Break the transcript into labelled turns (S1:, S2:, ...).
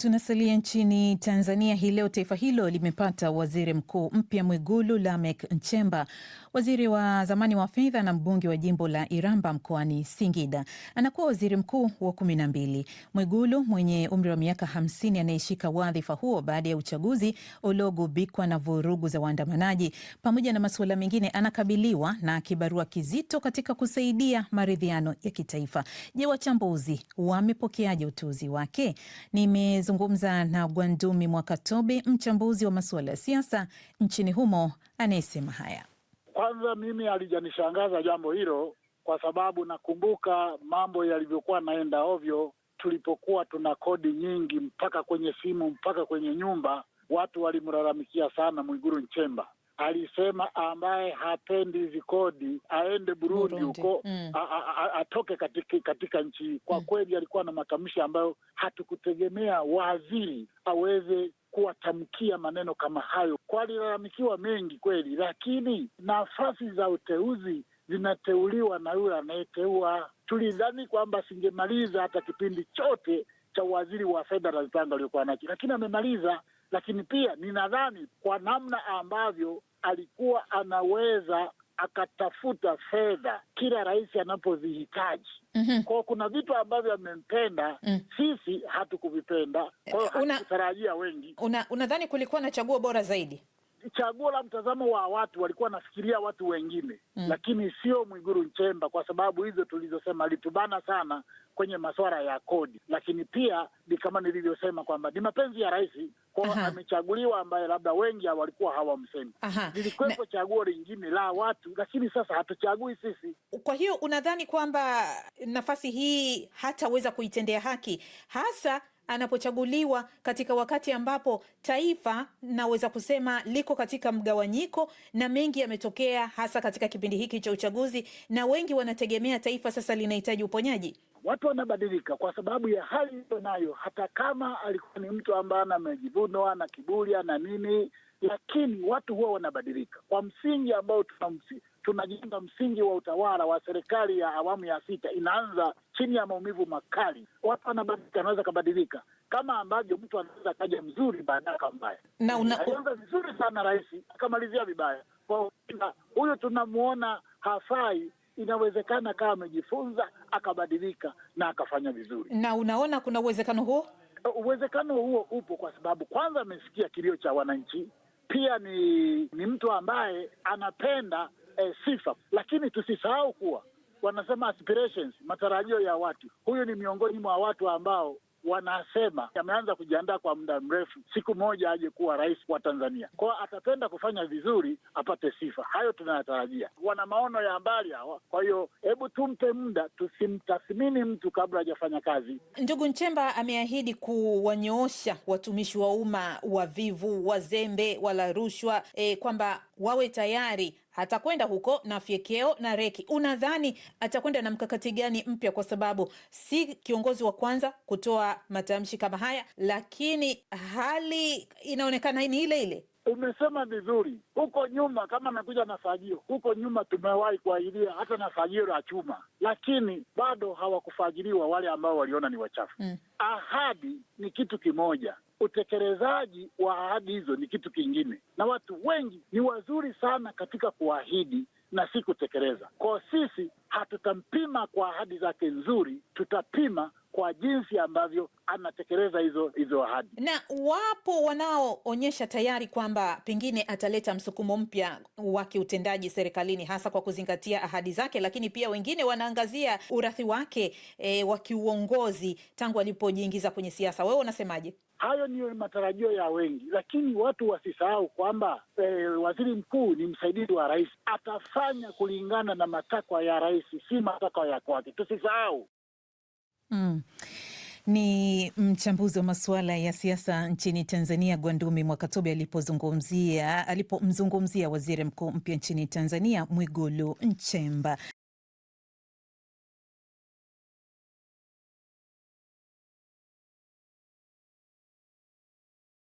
S1: Tunasalia nchini Tanzania hii leo. Taifa hilo limepata waziri mkuu mpya Mwigulu Lamek Nchemba. Waziri wa zamani wa fedha na mbunge wa jimbo la Iramba mkoani Singida anakuwa waziri mkuu wa kumi na mbili. Mwigulu mwenye umri wa miaka hamsini anayeshika wadhifa huo baada ya uchaguzi uliogubikwa na vurugu za waandamanaji, pamoja na masuala mengine, anakabiliwa na kibarua kizito katika kusaidia maridhiano ya kitaifa. Je, wachambuzi wamepokeaje uteuzi wake? Nime Nimezungumza na Gwandumi Mwakatobe, mchambuzi wa masuala ya siasa nchini humo, anayesema haya.
S2: Kwanza mimi alijanishangaza jambo hilo, kwa sababu nakumbuka mambo yalivyokuwa naenda ovyo tulipokuwa tuna kodi nyingi mpaka kwenye simu mpaka kwenye nyumba. Watu walimlalamikia sana Mwiguru Nchemba alisema ambaye hapendi hizi kodi aende Burundi huko mm. atoke katika, katika nchi kwa mm. kweli alikuwa na matamshi ambayo hatukutegemea waziri aweze kuwatamkia maneno kama hayo, kwa alilalamikiwa mengi kweli, lakini nafasi za uteuzi zinateuliwa na yule anayeteua. Tulidhani kwamba asingemaliza hata kipindi chote cha uwaziri wa fedha na mipango aliyokuwa nacho, lakini amemaliza. Lakini pia ninadhani kwa namna ambavyo alikuwa anaweza akatafuta fedha kila rais anapozihitaji. mm -hmm. Kwao kuna vitu ambavyo amempenda, mm. sisi hatukuvipenda, kwa hiyo hatukutarajia wengi.
S1: Unadhani una kulikuwa na chaguo bora zaidi?
S2: chaguo la mtazamo wa watu, walikuwa wanafikiria watu wengine mm. Lakini sio Mwiguru Nchemba, kwa sababu hizo tulizosema, alitubana sana kwenye masuala ya kodi, lakini pia ni kama nilivyosema kwamba ni mapenzi ya rais kwao, amechaguliwa ambaye labda wengi walikuwa hawamsemi. Lilikuwepo na... chaguo lingine la watu, lakini sasa hatuchagui sisi.
S1: Kwa hiyo unadhani kwamba nafasi hii hataweza kuitendea haki hasa anapochaguliwa katika wakati ambapo taifa naweza kusema liko katika mgawanyiko na mengi yametokea, hasa katika kipindi hiki cha uchaguzi, na wengi wanategemea taifa sasa linahitaji uponyaji.
S2: Watu wanabadilika kwa sababu ya hali iliyo nayo. Hata kama alikuwa ni mtu ambaye ana majivuno na kiburi na nini, lakini watu huwa wanabadilika kwa msingi ambao tuna tunajenga msingi wa utawala wa serikali ya awamu ya sita, inaanza chini ya maumivu makali. Watu wanabadilika, anaweza akabadilika kama ambavyo mtu anaweza akaja mzuri baadaye aka mbaya. Alianza vizuri sana rais akamalizia vibaya. Kwa huyo tunamwona hafai inawezekana kama amejifunza akabadilika na akafanya vizuri.
S1: Na unaona kuna uwezekano huo,
S2: uwezekano huo upo, kwa sababu kwanza amesikia kilio cha wananchi, pia ni ni mtu ambaye anapenda eh, sifa, lakini tusisahau kuwa wanasema aspirations, matarajio ya watu. Huyu ni miongoni mwa watu ambao wanasema ameanza kujiandaa kwa muda mrefu, siku moja aje kuwa rais wa Tanzania. Kwa atapenda kufanya vizuri, apate sifa. Hayo tunayatarajia. Wana maono ya mbali hawa, kwa hiyo hebu tumpe muda, tusimtathmini mtu kabla hajafanya kazi.
S1: Ndugu Nchemba ameahidi kuwanyoosha watumishi wa umma wavivu, wazembe, wala rushwa e, kwamba wawe tayari Atakwenda huko na fyekeo na reki. Unadhani atakwenda na mkakati gani mpya? Kwa sababu si kiongozi wa kwanza kutoa matamshi kama haya, lakini hali inaonekana ni ile ile.
S2: Umesema vizuri. Huko nyuma kama amekuja na fagio, huko nyuma tumewahi kuahiria hata na fagio la chuma, lakini bado hawakufagiliwa wale ambao waliona ni wachafu. Mm. Ahadi ni kitu kimoja, utekelezaji wa ahadi hizo ni kitu kingine, na watu wengi ni wazuri sana katika kuahidi na si kutekeleza. Kwa sisi hatutampima kwa ahadi zake nzuri, tutapima kwa jinsi ambavyo anatekeleza hizo hizo ahadi.
S1: Na wapo wanaoonyesha tayari kwamba pengine ataleta msukumo mpya wa kiutendaji serikalini, hasa kwa kuzingatia ahadi zake, lakini pia wengine wanaangazia urathi wake e, wa kiuongozi tangu alipojiingiza kwenye siasa. Wewe unasemaje?
S2: Hayo ni matarajio ya wengi, lakini watu wasisahau kwamba e, waziri mkuu ni msaidizi wa rais, atafanya kulingana na matakwa ya rais, si matakwa ya kwake. Tusisahau
S1: mm. Ni mchambuzi wa masuala ya siasa nchini Tanzania, Gwandumi Mwakatobe alipozungumzia alipomzungumzia waziri mkuu mpya nchini Tanzania, Mwigulu Nchemba.